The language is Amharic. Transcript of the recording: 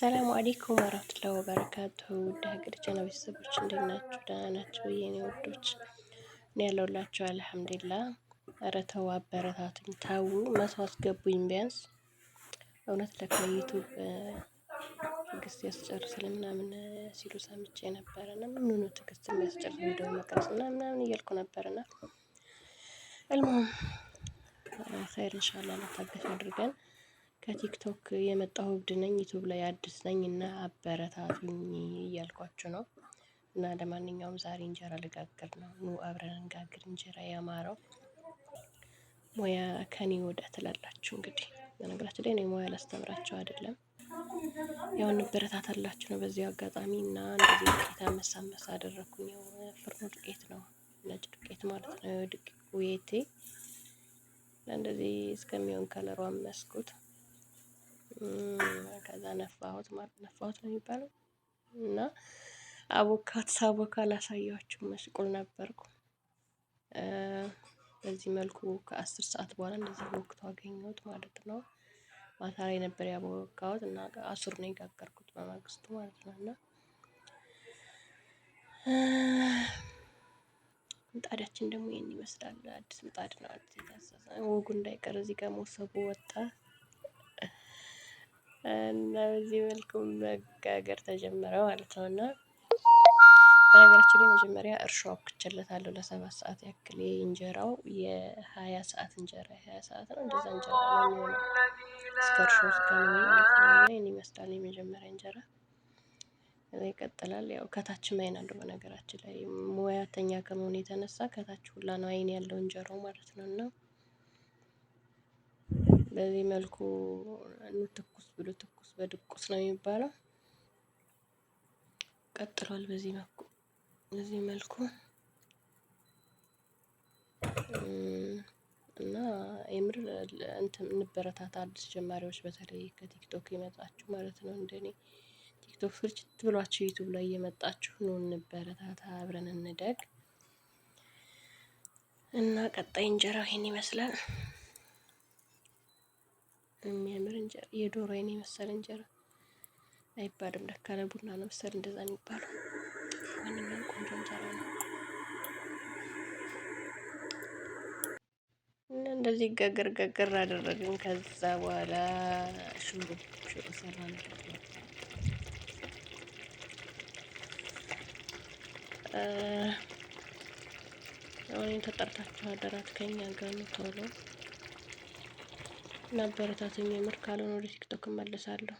ሰላም አለይኩም ወራህመቱላሂ ወበረካቱ ውድ ሀገር ቻና ቤተሰቦች እንዴት ናችሁ? ደህና ናችሁ? የኔ ውዶች እኔ ያለሁላችሁ አልሐምዱሊላህ። ኧረ ተው አበረታቱኝ፣ ታው መቶ አስገቡኝ ቢያንስ እውነት ለዩቱብ ትዕግስት ያስጨርስል ምናምን ሲሉ ሰምቼ ነበረና ምንኑ ትዕግስት የሚያስጨርስ ቪዲዮ መቅረጽ እና ምናምን እያልኩ ነበርና አልሙም ኸይር ኢንሻአላህ ታገሽ አድርገን ከቲክቶክ የመጣሁ እብድ ነኝ፣ ዩቱብ ላይ አዲስ ነኝ እና አበረታቱኝ እያልኳችሁ ነው። እና ለማንኛውም ዛሬ እንጀራ ልጋግር ነው። ኑ አብረን እንጋግር እንጀራ ያማረው ሙያ ከኔ ወደ ትላላችሁ። እንግዲህ በነገራችሁ ላይ እኔ ሙያ ላስተምራቸው አይደለም፣ ያው እንበረታታላችሁ ነው በዚህ አጋጣሚ። እና እንደዚህ ዱቄት አመሳመስ አደረግኩኝ። ያው ፍርኖ ዱቄት ነው፣ ነጭ ዱቄት ማለት ነው። ዱቄቴ እንደዚህ እስከሚሆን ከለሩ አመስኩት። ከዛ ነፋሁት ማለት ነፋሁት ነው የሚባለው እና አቦካት ሳቦካ ላሳያችሁ መስቁል ነበርኩ። በዚህ መልኩ ከአስር ሰዓት በኋላ እንደዚህ ወቅቱ አገኘሁት ማለት ነው። ማታ ላይ ነበር ያቦካሁት እና አሱር ነው የጋገርኩት በማግስቱ ማለት ነው። እና ምጣዳችን ደግሞ ይህን ይመስላል። አዲስ ምጣድ ነው አዲስ የታዘዘ ወጉ እንዳይቀር እዚህ ጋር መሶቡ ወጣ። እና በዚህ መልኩ መጋገር ተጀመረ ማለት ነው። እና በነገራችን ላይ መጀመሪያ እርሾ አብኩቼለታለሁ ለሰባት ሰዓት ያክል የእንጀራው የሀያ ሰዓት እንጀራ የሀያ ሰዓት ነው እንደዛ እንጀራ ነው የሚሆነው እስከ እርሾ ይህን ይመስላል የመጀመሪያ እንጀራ ይቀጥላል። ያው ከታችም አይን አለው በነገራችን ላይ ሙያተኛ ከመሆኑ የተነሳ ከታች ሁላ ነው አይን ያለው እንጀራው ማለት ነው እና በዚህ መልኩ ትኩስ ብሎ ትኩስ በድቁስ ነው የሚባለው። ቀጥሏል። በዚህ መልኩ በዚህ መልኩ እና የምር እንትን እንበረታታ አዲስ ጀማሪዎች በተለይ ከቲክቶክ ይመጣችሁ ማለት ነው እንደኔ ቲክቶክ ስርጭት ብሏችሁ ዩቱብ ላይ እየመጣችሁ ኑ እንበረታታ፣ አብረን እንደግ እና ቀጣይ እንጀራው ይህን ይመስላል። የሚያምር እንጀራ የዶሮ አይን የመሰለ እንጀራ አይባልም። ለካ ለቡና ነው መሰል እንደዛ ነው የሚባለው። ማንኛውም ቆንጆ እንጀራ ነው እና እንደዚህ ገገር ገገር አደረግን። ከዛ በኋላ ሽሮ ሽሮ ሰራን። አሁን ተጠርታችሁ አደራት ከኛ ጋር ነው ቶሎ ማበረታተኝ የምር ካልሆነ ወደ ቲክቶክ እመለሳለሁ